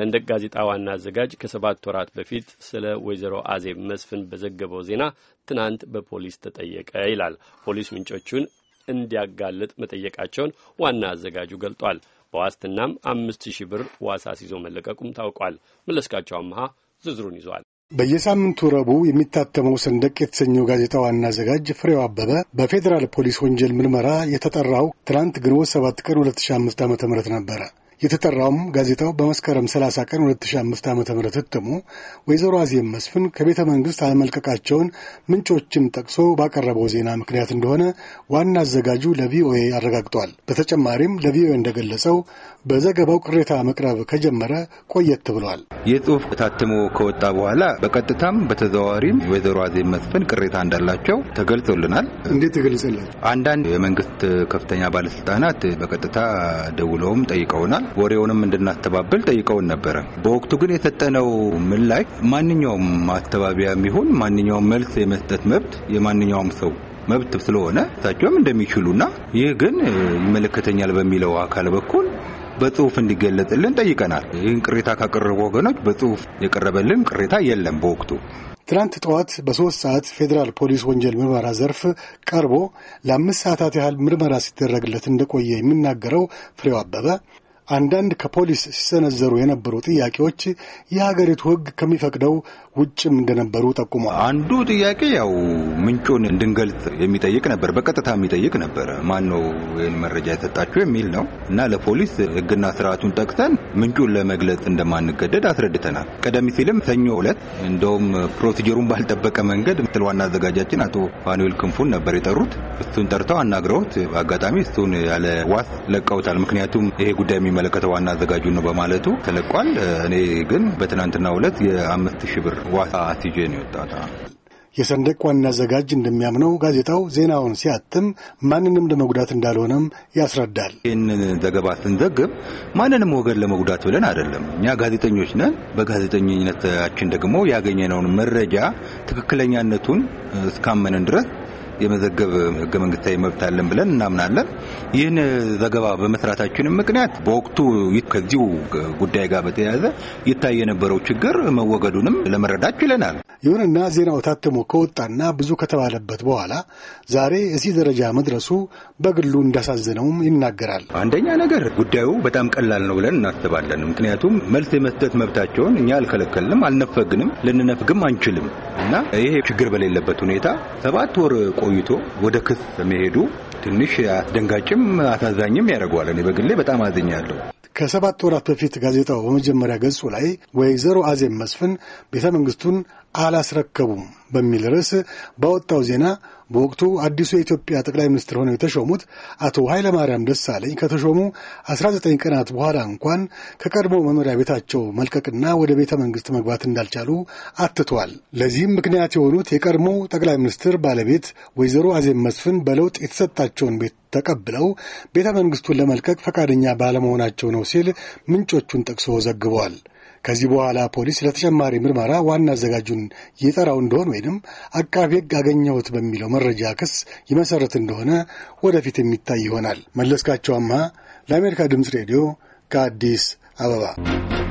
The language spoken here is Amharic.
ሰንደቅ ጋዜጣ ዋና አዘጋጅ ከሰባት ወራት በፊት ስለ ወይዘሮ አዜብ መስፍን በዘገበው ዜና ትናንት በፖሊስ ተጠየቀ ይላል። ፖሊስ ምንጮቹን እንዲያጋልጥ መጠየቃቸውን ዋና አዘጋጁ ገልጧል። በዋስትናም አምስት ሺህ ብር ዋሳ ሲዞ መለቀቁም ታውቋል። መለስካቸው አመሃ ዝርዝሩን ይዟል። በየሳምንቱ ረቡዕ የሚታተመው ሰንደቅ የተሰኘው ጋዜጣ ዋና አዘጋጅ ፍሬው አበበ በፌዴራል ፖሊስ ወንጀል ምርመራ የተጠራው ትናንት ግንቦት 7 ቀን 2005 ዓ ም ነበረ የተጠራውም ጋዜጣው በመስከረም 30 ቀን 2005 ዓ ም እትሙ ወይዘሮ አዜብ መስፍን ከቤተ መንግሥት አለመልቀቃቸውን ምንጮችን ጠቅሶ ባቀረበው ዜና ምክንያት እንደሆነ ዋና አዘጋጁ ለቪኦኤ አረጋግጧል። በተጨማሪም ለቪኦኤ እንደገለጸው በዘገባው ቅሬታ መቅረብ ከጀመረ ቆየት ብሏል። ይህ ጽሁፍ ታትሞ ከወጣ በኋላ በቀጥታም በተዘዋዋሪም ወይዘሮ አዜብ መስፍን ቅሬታ እንዳላቸው ተገልጾልናል። እንዴት ተገልጸላቸው? አንዳንድ የመንግስት ከፍተኛ ባለስልጣናት በቀጥታ ደውለውም ጠይቀውናል። ወሬውንም እንድናተባበል ጠይቀውን ነበረ። በወቅቱ ግን የሰጠነው ምላሽ ማንኛውም ማስተባበያ የሚሆን ማንኛውም መልስ የመስጠት መብት የማንኛውም ሰው መብት ስለሆነ እሳቸውም እንደሚችሉና ይህ ግን ይመለከተኛል በሚለው አካል በኩል በጽሁፍ እንዲገለጥልን ጠይቀናል። ይህን ቅሬታ ካቀረቡ ወገኖች በጽሁፍ የቀረበልን ቅሬታ የለም። በወቅቱ ትናንት ጠዋት በሶስት ሰዓት ፌዴራል ፖሊስ ወንጀል ምርመራ ዘርፍ ቀርቦ ለአምስት ሰዓታት ያህል ምርመራ ሲደረግለት እንደቆየ የሚናገረው ፍሬው አበበ አንዳንድ ከፖሊስ ሲሰነዘሩ የነበሩ ጥያቄዎች የሀገሪቱ ሕግ ከሚፈቅደው ውጭም እንደነበሩ ጠቁሟል። አንዱ ጥያቄ ያው ምንጩን እንድንገልጽ የሚጠይቅ ነበር፣ በቀጥታ የሚጠይቅ ነበር። ማን ነው ይህን መረጃ የሰጣችሁ የሚል ነው እና ለፖሊስ ሕግና ስርዓቱን ጠቅሰን ምንጩን ለመግለጽ እንደማንገደድ አስረድተናል። ቀደም ሲልም ሰኞ ዕለት እንደውም ፕሮሲጀሩን ባልጠበቀ መንገድ ምክትል ዋና አዘጋጃችን አቶ ፋኑኤል ክንፉን ነበር የጠሩት። እሱን ጠርተው አናግረውት አጋጣሚ እሱን ያለ ዋስ ለቀውታል። ምክንያቱም ይሄ ጉዳይ የሚመለከተው ዋና አዘጋጁ ነው በማለቱ ተለቋል። እኔ ግን በትናንትና ሁለት የአምስት ሺህ ብር ዋሳ አስይዤ ነው የወጣሁት። የሰንደቅ ዋና አዘጋጅ እንደሚያምነው ጋዜጣው ዜናውን ሲያትም ማንንም ለመጉዳት እንዳልሆነም ያስረዳል። ይህን ዘገባ ስንዘግብ ማንንም ወገን ለመጉዳት ብለን አይደለም። እኛ ጋዜጠኞች ነን። በጋዜጠኝነታችን ደግሞ ያገኘነውን መረጃ ትክክለኛነቱን እስካመንን ድረስ የመዘገብ ህገ መንግስታዊ መብት አለን ብለን እናምናለን። ይህን ዘገባ በመስራታችንም ምክንያት በወቅቱ ከዚሁ ጉዳይ ጋር በተያያዘ ይታይ የነበረው ችግር መወገዱንም ለመረዳት ችለናል። ይሁንና ዜናው ታትሞ ከወጣና ብዙ ከተባለበት በኋላ ዛሬ እዚህ ደረጃ መድረሱ በግሉ እንዳሳዘነውም ይናገራል። አንደኛ ነገር ጉዳዩ በጣም ቀላል ነው ብለን እናስባለን። ምክንያቱም መልስ የመስጠት መብታቸውን እኛ አልከለከልንም፣ አልነፈግንም፣ ልንነፍግም አንችልም እና ይሄ ችግር በሌለበት ሁኔታ ሰባት ወር ቆ ቆይቶ ወደ ክስ መሄዱ ትንሽ አስደንጋጭም አሳዛኝም ያደርገዋል። እኔ በግሌ በጣም አዝኛለሁ። ከሰባት ወራት በፊት ጋዜጣው በመጀመሪያ ገጹ ላይ ወይዘሮ አዜብ መስፍን ቤተ መንግስቱን አላስረከቡም በሚል ርዕስ በወጣው ዜና በወቅቱ አዲሱ የኢትዮጵያ ጠቅላይ ሚኒስትር ሆነው የተሾሙት አቶ ኃይለማርያም ደሳለኝ ከተሾሙ 19 ቀናት በኋላ እንኳን ከቀድሞ መኖሪያ ቤታቸው መልቀቅና ወደ ቤተ መንግስት መግባት እንዳልቻሉ አትቷል። ለዚህም ምክንያት የሆኑት የቀድሞ ጠቅላይ ሚኒስትር ባለቤት ወይዘሮ አዜብ መስፍን በለውጥ የተሰጣቸውን ቤት ተቀብለው ቤተ መንግስቱን ለመልቀቅ ፈቃደኛ ባለመሆናቸው ነው ሲል ምንጮቹን ጠቅሶ ዘግበዋል። ከዚህ በኋላ ፖሊስ ለተጨማሪ ምርመራ ዋና አዘጋጁን ይጠራው እንደሆን ወይንም አቃቤ ሕግ አገኘሁት በሚለው መረጃ ክስ ይመሰረት እንደሆነ ወደፊት የሚታይ ይሆናል። መለስካቸው አምሃ ለአሜሪካ ድምፅ ሬዲዮ ከአዲስ አበባ